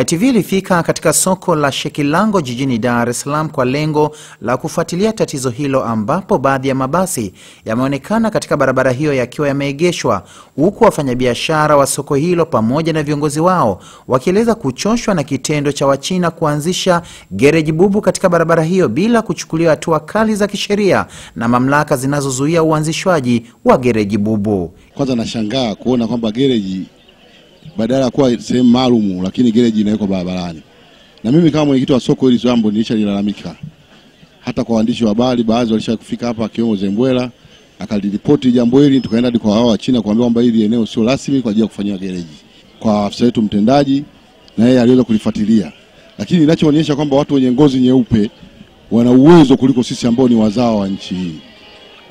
ITV ilifika katika soko la Shekilango jijini Dar es Salaam kwa lengo la kufuatilia tatizo hilo, ambapo baadhi ya mabasi yameonekana katika barabara hiyo yakiwa yameegeshwa, huku wafanyabiashara wa soko hilo pamoja na viongozi wao wakieleza kuchoshwa na kitendo cha Wachina kuanzisha gereji bubu katika barabara hiyo bila kuchukuliwa hatua kali za kisheria na mamlaka zinazozuia uanzishwaji wa gereji bubu. Kwanza nashangaa kuona kwamba gereji badala ya kuwa sehemu maalum, lakini gereji inawekwa barabarani. Na mimi kama mwenyekiti wa soko hili jambo nilishalilalamika hata kwa waandishi wa habari, baadhi walishafika hapa, akiwemo Zembwela akaliripoti jambo hili, tukaenda kwa hao wa China kuambia kwamba hili eneo sio rasmi kwa ajili ya kufanyia gereji. Kwa afisa wetu mtendaji, na yeye aliweza kulifuatilia, lakini inachoonyesha kwamba watu wenye ngozi nyeupe wana uwezo kuliko sisi ambao ni wazao wa nchi hii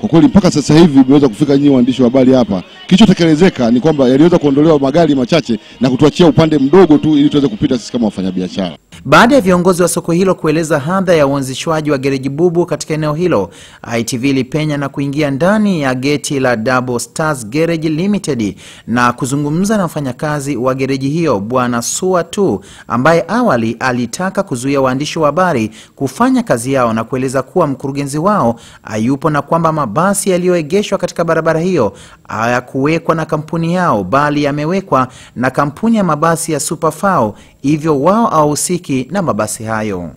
kwa kweli mpaka sasa hivi umeweza kufika nyinyi waandishi wa habari hapa, kilichotekelezeka ni kwamba yaliweza kuondolewa magari machache na kutuachia upande mdogo tu, ili tuweze kupita sisi kama wafanyabiashara. Baada ya viongozi wa soko hilo kueleza hadha ya uanzishwaji wa gereji bubu katika eneo hilo, ITV ilipenya na kuingia ndani ya geti la Double Stars Garage Limited na kuzungumza na mfanyakazi wa gereji hiyo Bwana Sua Tu ambaye awali alitaka kuzuia waandishi wa habari kufanya kazi yao na kueleza kuwa mkurugenzi wao hayupo na kwamba mabasi yaliyoegeshwa katika barabara hiyo hayakuwekwa na kampuni yao bali yamewekwa na kampuni ya mabasi ya Superfao, hivyo wao hawahusiki pikipiki na mabasi hayo.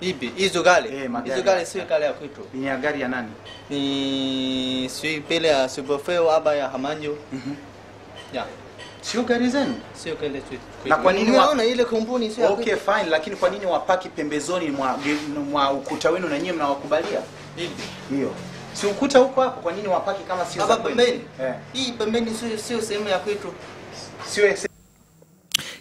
Ipi hizo eh, gari? Hizo gari sio gari ya kwetu. Ni ya gari ya nani? Ni sio pele ya Superfeo aba ya Hamanyo. Mhm. Mm Ya. Sio gari zenu? Sio gari zetu. Na kwa nini unaona ile kampuni sio? Okay fine, lakini kwa nini wapaki pembezoni mwa mwa ukuta wenu na nyinyi mnawakubalia? Ipi? Hiyo. Si ukuta huko hapo, kwa nini wapaki kama sio za kwenu? Eh. Hii pembeni sio sehemu ya kwetu. Sio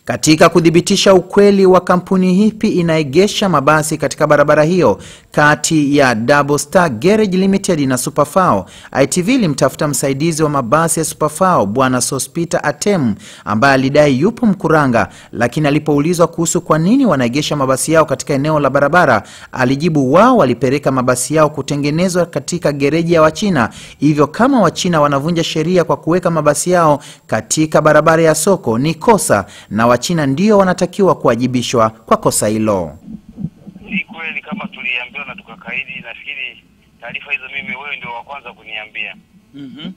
katika kuthibitisha ukweli wa kampuni hipi inaegesha mabasi katika barabara hiyo kati ya Double Star Garage Limited na Superfao. ITV ilimtafuta msaidizi wa mabasi ya Superfao Bwana Sospita Atem ambaye alidai yupo Mkuranga, lakini alipoulizwa kuhusu kwa nini wanaegesha mabasi yao katika eneo la barabara, alijibu wao walipeleka mabasi yao kutengenezwa katika gereji ya Wachina, hivyo kama Wachina wanavunja sheria kwa kuweka mabasi yao katika barabara ya soko ni kosa na Wachina ndio wanatakiwa kuwajibishwa kwa kosa hilo. Si kweli kama tuliambiwa na tukakaidi. Nafikiri taarifa hizo mimi wewe ndio wa kwanza kuniambia. mm -hmm.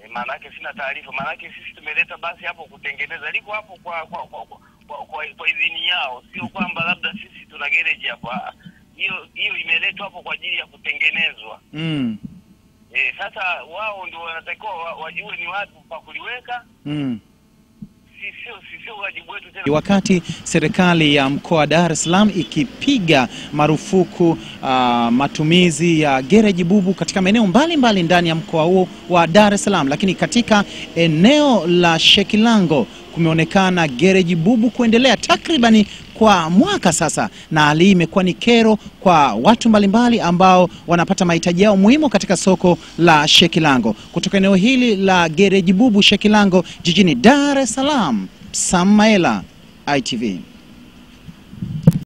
E, eh, maanake sina taarifa, maanake sisi tumeleta basi hapo kutengeneza, liko hapo kwa kwa, kwa, kwa, kwa, kwa, kwa idhini yao, sio kwamba labda sisi tuna gereji hapo. Ah, hiyo hiyo imeletwa hapo kwa ajili ya kutengenezwa. mm. E, sasa wao ndio wanatakiwa wajue ni wapi pa kuliweka. mm. Ni wakati serikali ya mkoa wa Dar es Salaam ikipiga marufuku uh, matumizi ya gereji bubu katika maeneo mbalimbali ndani ya mkoa huo wa Dar es Salaam, lakini katika eneo la Shekilango kumeonekana gereji bubu kuendelea takribani kwa mwaka sasa, na hali hii imekuwa ni kero kwa watu mbalimbali ambao wanapata mahitaji yao muhimu katika soko la Shekilango. Kutoka eneo hili la gereji bubu Shekilango jijini Dar es Salaam, Samaela, ITV.